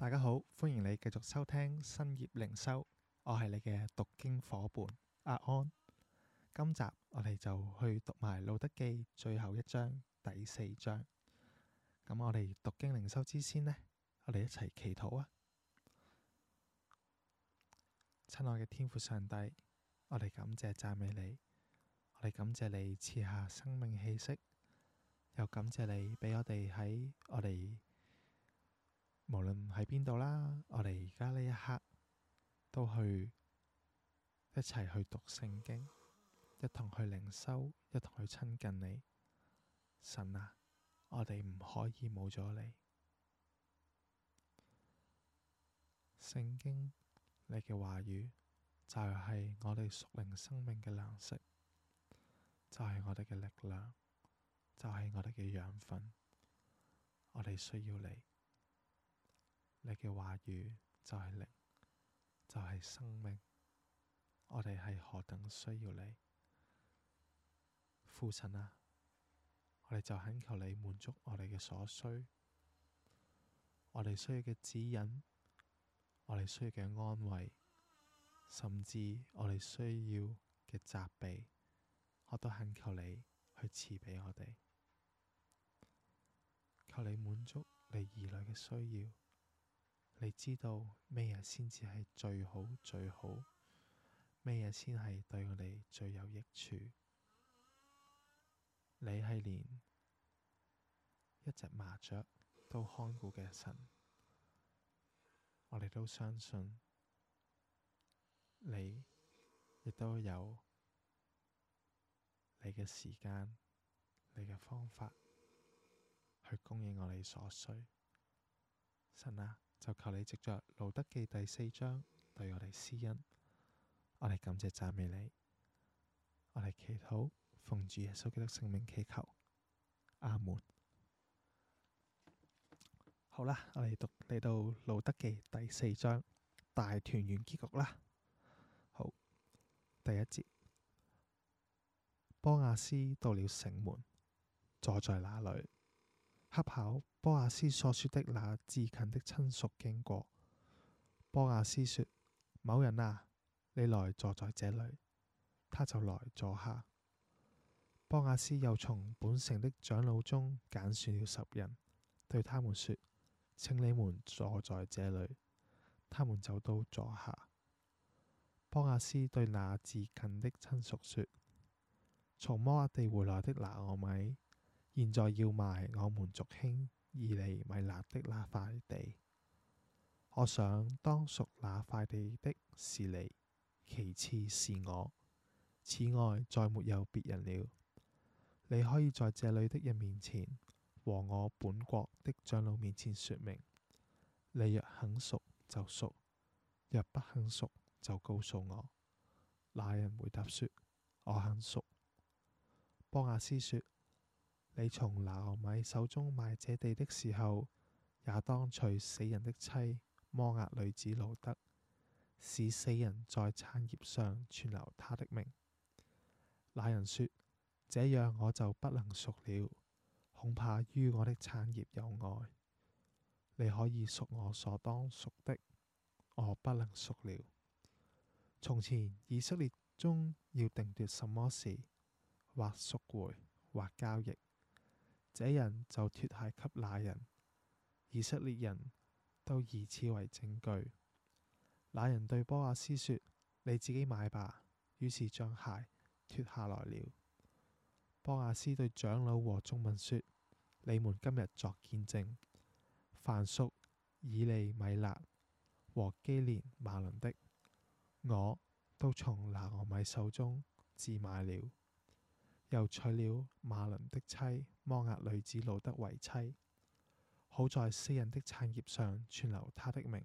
大家好，歡迎你繼續收聽新業靈修，我係你嘅讀經夥伴阿安。今集我哋就去讀埋《路得記》最後一章第四章。咁我哋讀經靈修之先呢，我哋一齊祈禱啊！親愛嘅天父上帝，我哋感謝讚美你，我哋感謝你賜下生命氣息，又感謝你俾我哋喺我哋。無論喺邊度啦，我哋而家呢一刻都去一齊去讀聖經，一同去靈修，一同去親近你，神啊！我哋唔可以冇咗你。聖經你嘅話語就係我哋屬靈生命嘅糧食，就係我哋嘅力量，就係我哋嘅養分，我哋需要你。你嘅話語就係靈，就係生命。我哋係何等需要你，父親啊！我哋就懇求你滿足我哋嘅所需，我哋需要嘅指引，我哋需要嘅安慰，甚至我哋需要嘅責備，我都懇求你去賜畀我哋，求你滿足你兒女嘅需要。你知道咩嘢先至係最好最好？咩嘢先係對我哋最有益處？你係連一隻麻雀都看顧嘅神，我哋都相信你亦都有你嘅時間、你嘅方法去供應我哋所需，神啊！就求你藉着路德記第四章對我哋施恩，我哋感謝讚美你，我哋祈禱奉主耶穌基督聖名祈求，阿門。好啦，我哋讀嚟到路德記第四章大團圓結局啦。好，第一節，波阿斯到了城門，坐在那裏。恰巧波亞斯所說的那至近的親屬經過，波亞斯說：某人啊，你來坐在這裏，他就來坐下。波亞斯又從本城的長老中揀選了十人，對他們說：請你們坐在這裏。他們就都坐下。波亞斯對那至近的親屬說：從摩押地回來的拿俄米現在要賣我們族兄以利米勒的那塊地，我想當贖那塊地的是你，其次是我，此外再沒有別人了。你可以在這裏的人面前和我本國的長老面前說明，你若肯贖就贖，若不肯贖就告訴我。那人回答說：我肯贖。波阿斯說。你從拿俄米手中買這地的時候，也當娶死人的妻摩押女子路得，使死人在產業上存留他的名。那人說：這樣我就不能贖了，恐怕於我的產業有礙。你可以贖我所當贖的，我不能贖了。從前以色列中要定奪什麼事，或贖回，或交易，這人就脫鞋給那人，以色列人都以此為證據。那人對波亞斯說：你自己買吧。於是將鞋脫下來了。波亞斯對長老和眾民說：你們今日作見證，凡屬以利米勒和基連馬倫的，我都從拿俄米手中置買了。又娶了馬倫的妻摩押女子路德為妻。好在私人的產業上存留他的名，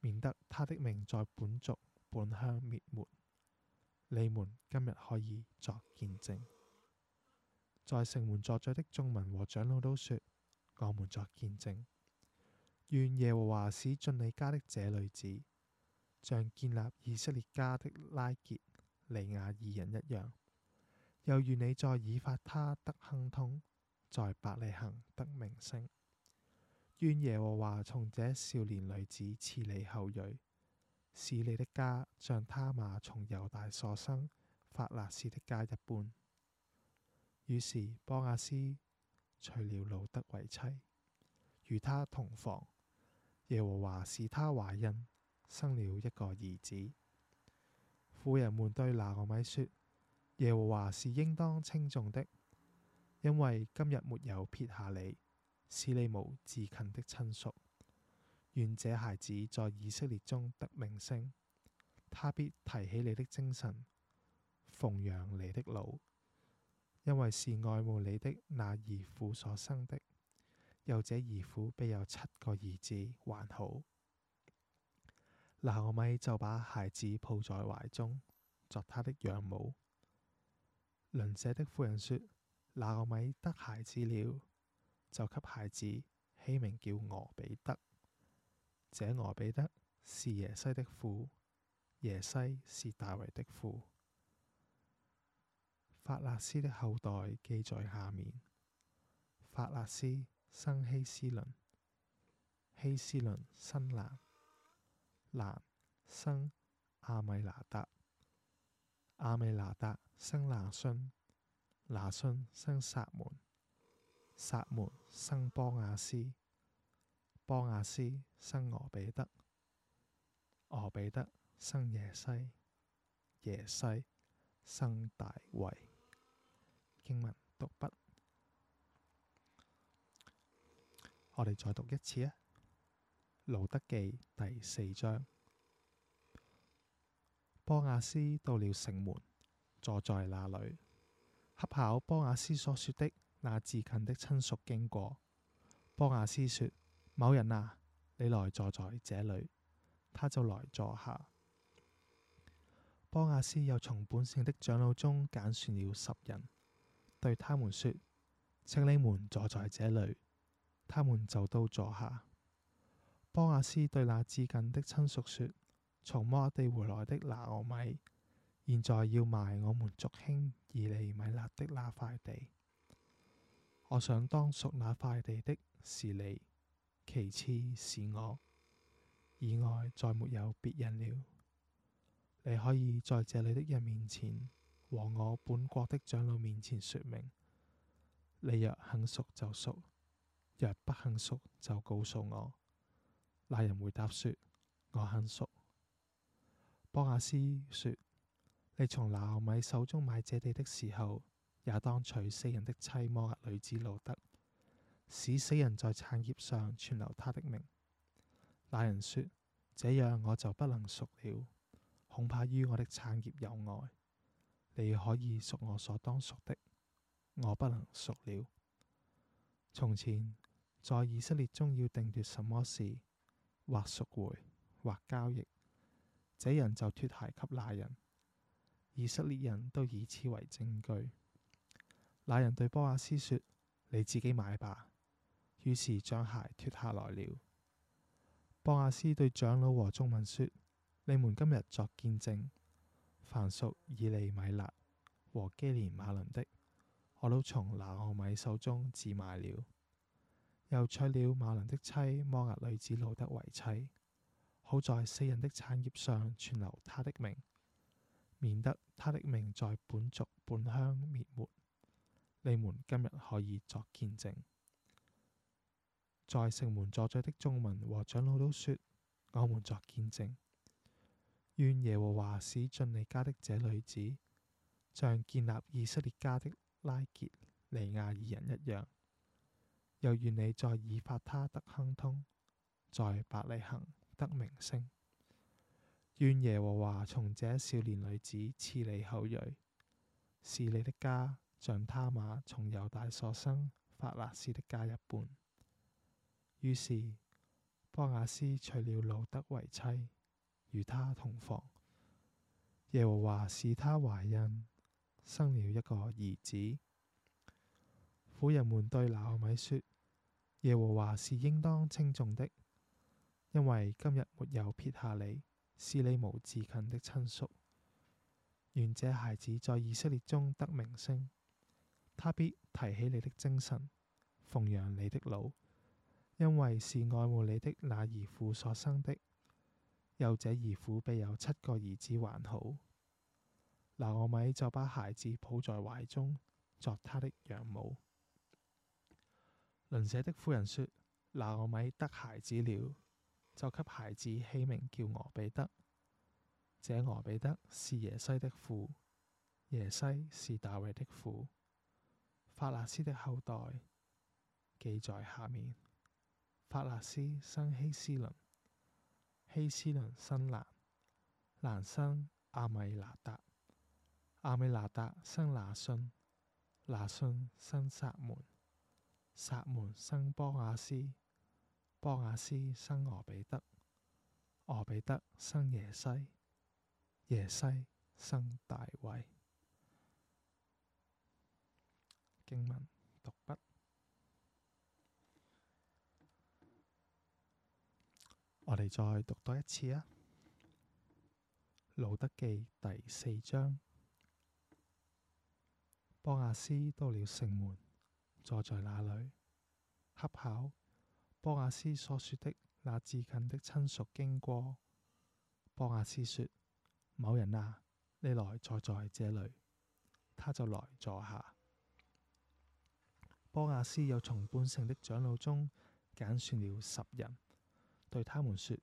免得他的名在本族本鄉滅沒。你們今日可以作見證，在城門坐着的眾民和長老都說：我們作見證，願耶和華使進你家的這女子，像建立以色列家的拉結、利亞二人一樣。又願你在以法他得亨通，在伯利恆得名聲。願耶和華從這少年女子賜你後裔，使你的家像他瑪從猶大所生法勒斯的家一般。於是波阿斯娶了路得為妻，與他同房，耶和華使她懷孕，生了一個兒子。婦人們對拿俄米說。耶和華是應當稱頌的，因為今日沒有撇下你，使你無至近的親屬。願這孩子在以色列中得名聲，他必提起你的精神，奉養你的老，因為是愛慕你的那兒婦所生的。有這兒婦比有七個兒子還好，拿俄米就把孩子抱在懷中，作他的養母。鄰舍的婦人說：拿俄米得孩子了。就給孩子起名叫俄比德。這俄比德是耶西的父，耶西是大衛的父。法勒斯的後代記在下面：法勒斯生希斯倫，希斯倫生蘭，蘭生阿米拿達。亞美拿達生拿順，拿順生撒門，撒門生波亞斯，波亞斯生俄比德，俄比德生耶西，耶西生大衛。經文讀畢，我哋再讀一次啊，《路得記》第四章。波雅斯到了城門，坐在那裏。恰巧波雅斯所說的那至近的親屬經過，波雅斯說：某人啊，你來坐在這裏。他就來坐下。波雅斯又從本城的長老中揀選了十人，對他們說：請你們坐在這裏。他們就都坐下。波雅斯對那至近的親屬說。從摩押地回來的拿俄米，現在要賣我們族兄以利米勒的那塊地。我想當贖那塊地的是你，其次是我，以外再沒有別人了。你可以在這裏的人面前和我本國的長老面前說明。你若肯贖就贖，若不肯贖就告訴我。那人回答說：我肯贖。波亞斯說：你從拿俄米手中買這地的時候，也當娶死人的妻摩押女子路得，使死人在產業上存留他的名。」那人說：這樣我就不能贖了，恐怕於我的產業有礙。你可以贖我所當贖的，我不能贖了。從前在以色列中要定奪什麼事，或贖回，或交易。這人就脫鞋給那人，以色列人都以此為證據。那人對波亞斯說：你自己買吧。於是將鞋脫下來了。波亞斯對長老和眾民說：你們今日作見證，凡屬以利米勒和基連馬倫的，我都從拿俄米手中自買了，又娶了馬倫的妻摩押女子路得為妻。好在死人的產業上存留他的名，免得他的名在本族本鄉滅沒。你們今日可以作見證，在城門坐着的眾民和長老都說：我們作見證，願耶和華使進你家的這女子像建立以色列家的拉結利亞二人一樣，又願你在以法他得亨通，在伯利恆，得名聲，願耶和華從這少年女子賜你後裔，是你的家，像他瑪從猶大所生法勒斯的家一般。於是，波阿斯娶了路得為妻，與她同房，耶和華使她懷孕，生了一個兒子。婦人們對拿俄米說：耶和華是應當稱頌的。因為今日沒有撇下你，是你無至近的親屬。願這孩子在以色列中得名聲，他必提起你的精神，奉養你的老，因為是愛護你的那兒父所生的。有這兒父比有七個兒子還好。拿俄米就把孩子抱在懷中，作他的養母。鄰舍的婦人說：拿俄米得孩子了。就給孩子起名叫俄比德。這俄比德是耶西的父，耶西是大衛的父，法勒斯的後代。記在下面：法勒斯生希斯倫，希斯倫生蘭，蘭生亞米拿達，亞米拿達生拿信，拿信生撒門，撒門生波阿斯。波阿斯生俄比德，俄比德生耶西，耶西生大衛。經文讀畢。我哋再讀多一次啊！《路得記》第四章，波阿斯到了城門，坐在那裏恰巧波雅斯所說的那至近的親屬經過，波雅斯說：某人啊，你來坐在，在這裏，他就來坐下。波雅斯又從本城的長老中揀選了十人，對他們說：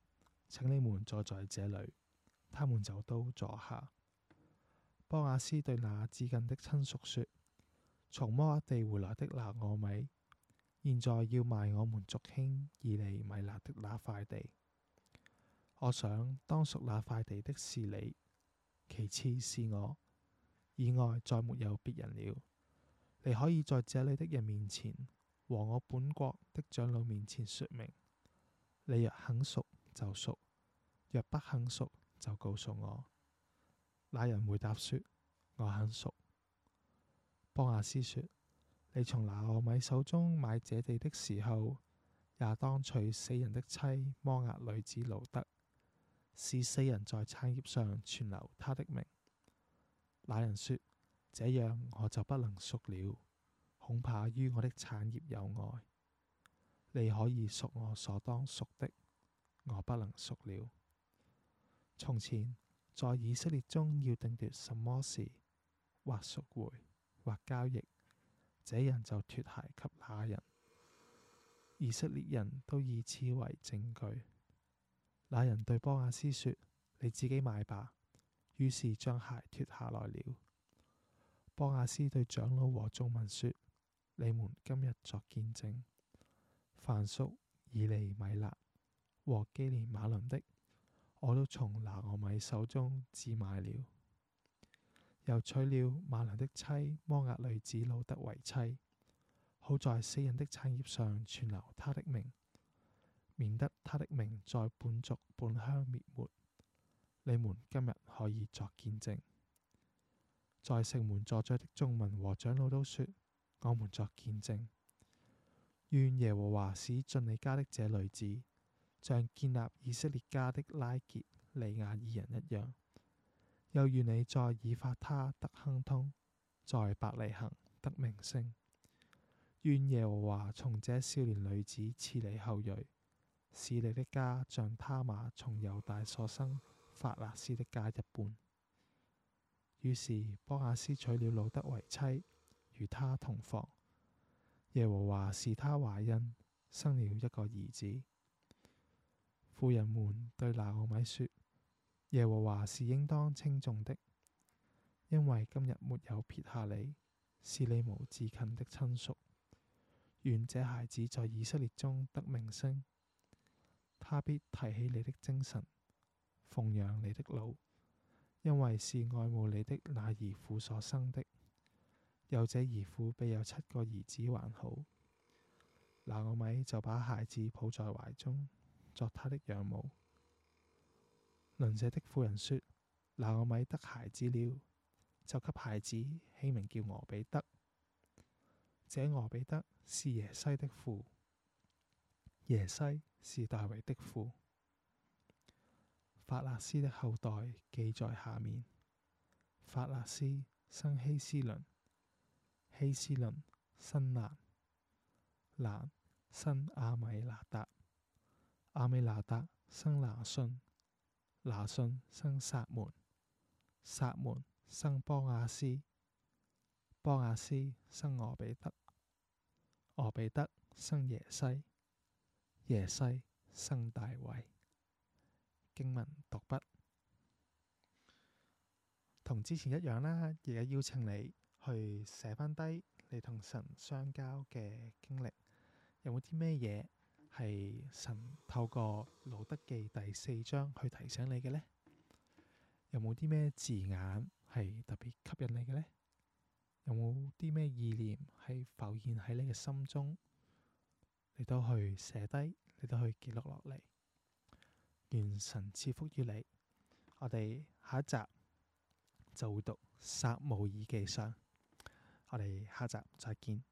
請你們坐在，在這裏，他們就都坐下。波雅斯對那至近的親屬說：從摩押地回來的拿俄米。現在要賣我們族兄以利米勒的那塊地，我想當贖那塊地的是你，其次是我，以外再沒有別人了。你可以在這裏的人面前和我本國的長老面前說明，你若肯贖就贖，若不肯贖就告訴我。那人回答說：我肯贖。波亞斯說。你從拿俄米手中買這地的時候，也當娶死人的妻摩押女子路得，使死人在產業上存留他的名。那人說：這樣我就不能贖了，恐怕於我的產業有礙。你可以贖我所當贖的，我不能贖了。從前在以色列中要定奪什麼事，或贖回，或交易，這人就脱鞋給那人，以色列人都以此為證據。那人對波阿斯說：你自己買吧。於是將鞋脱下來了。波阿斯對長老和眾民說：你們今日作見證，凡屬以利米勒和基廉馬倫的，我都從拿俄米手中置買了。又娶了馬良的妻摩押女子路得為妻。好在死人的產業上存留她的名，免得她的名在本族本鄉滅沒。你們今日可以作見證。在城門坐着的眾民和長老都說：我們作見證。願耶和華使進你家的這女子，像建立以色列家的拉結、利亞二人一樣。又願你在以法他得亨通，在伯利恆得名聲。願耶和華從這少年女子賜你後裔，使你的家像他瑪從猶大所生法勒斯的家一般。於是，波亞斯娶了路得為妻，與他同房。耶和華使他懷孕，生了一個兒子。婦人們對拿俄米說。耶和華是應當稱頌的，因為今日沒有撇下你，是你無至近的親屬。願這孩子在以色列中得名聲，他必提起你的精神，奉養你的老，因為是愛慕你的那兒婦所生的。有這兒婦比有七個兒子還好。拿俄米就把孩子抱在懷中，作他的養母。鄰舍的婦人說：拿俄米得孩子了，就給孩子起名叫俄比德。這俄比德是耶西的父，耶西是大衛的父。法勒斯的後代記在下面：法勒斯生希斯倫，希斯倫生蘭，蘭生阿米拿達，阿米拿達生拿順。」拿順生撒門，撒門生波亞斯，波亞斯生俄比德，俄比德生耶西，耶西生大衛。經文讀畢，同之前一樣啦，而家邀請你去寫翻低你同神相交嘅經歷，有冇啲咩嘢係神透過路得記第四章去提醒你嘅呢？有冇啲咩字眼係特別吸引你嘅呢？有冇啲咩意念係浮現喺你嘅心中？你都去寫低，你都去記錄落嚟。願神賜福於你。我哋下一集就會讀撒母耳記上。我哋下一集再見。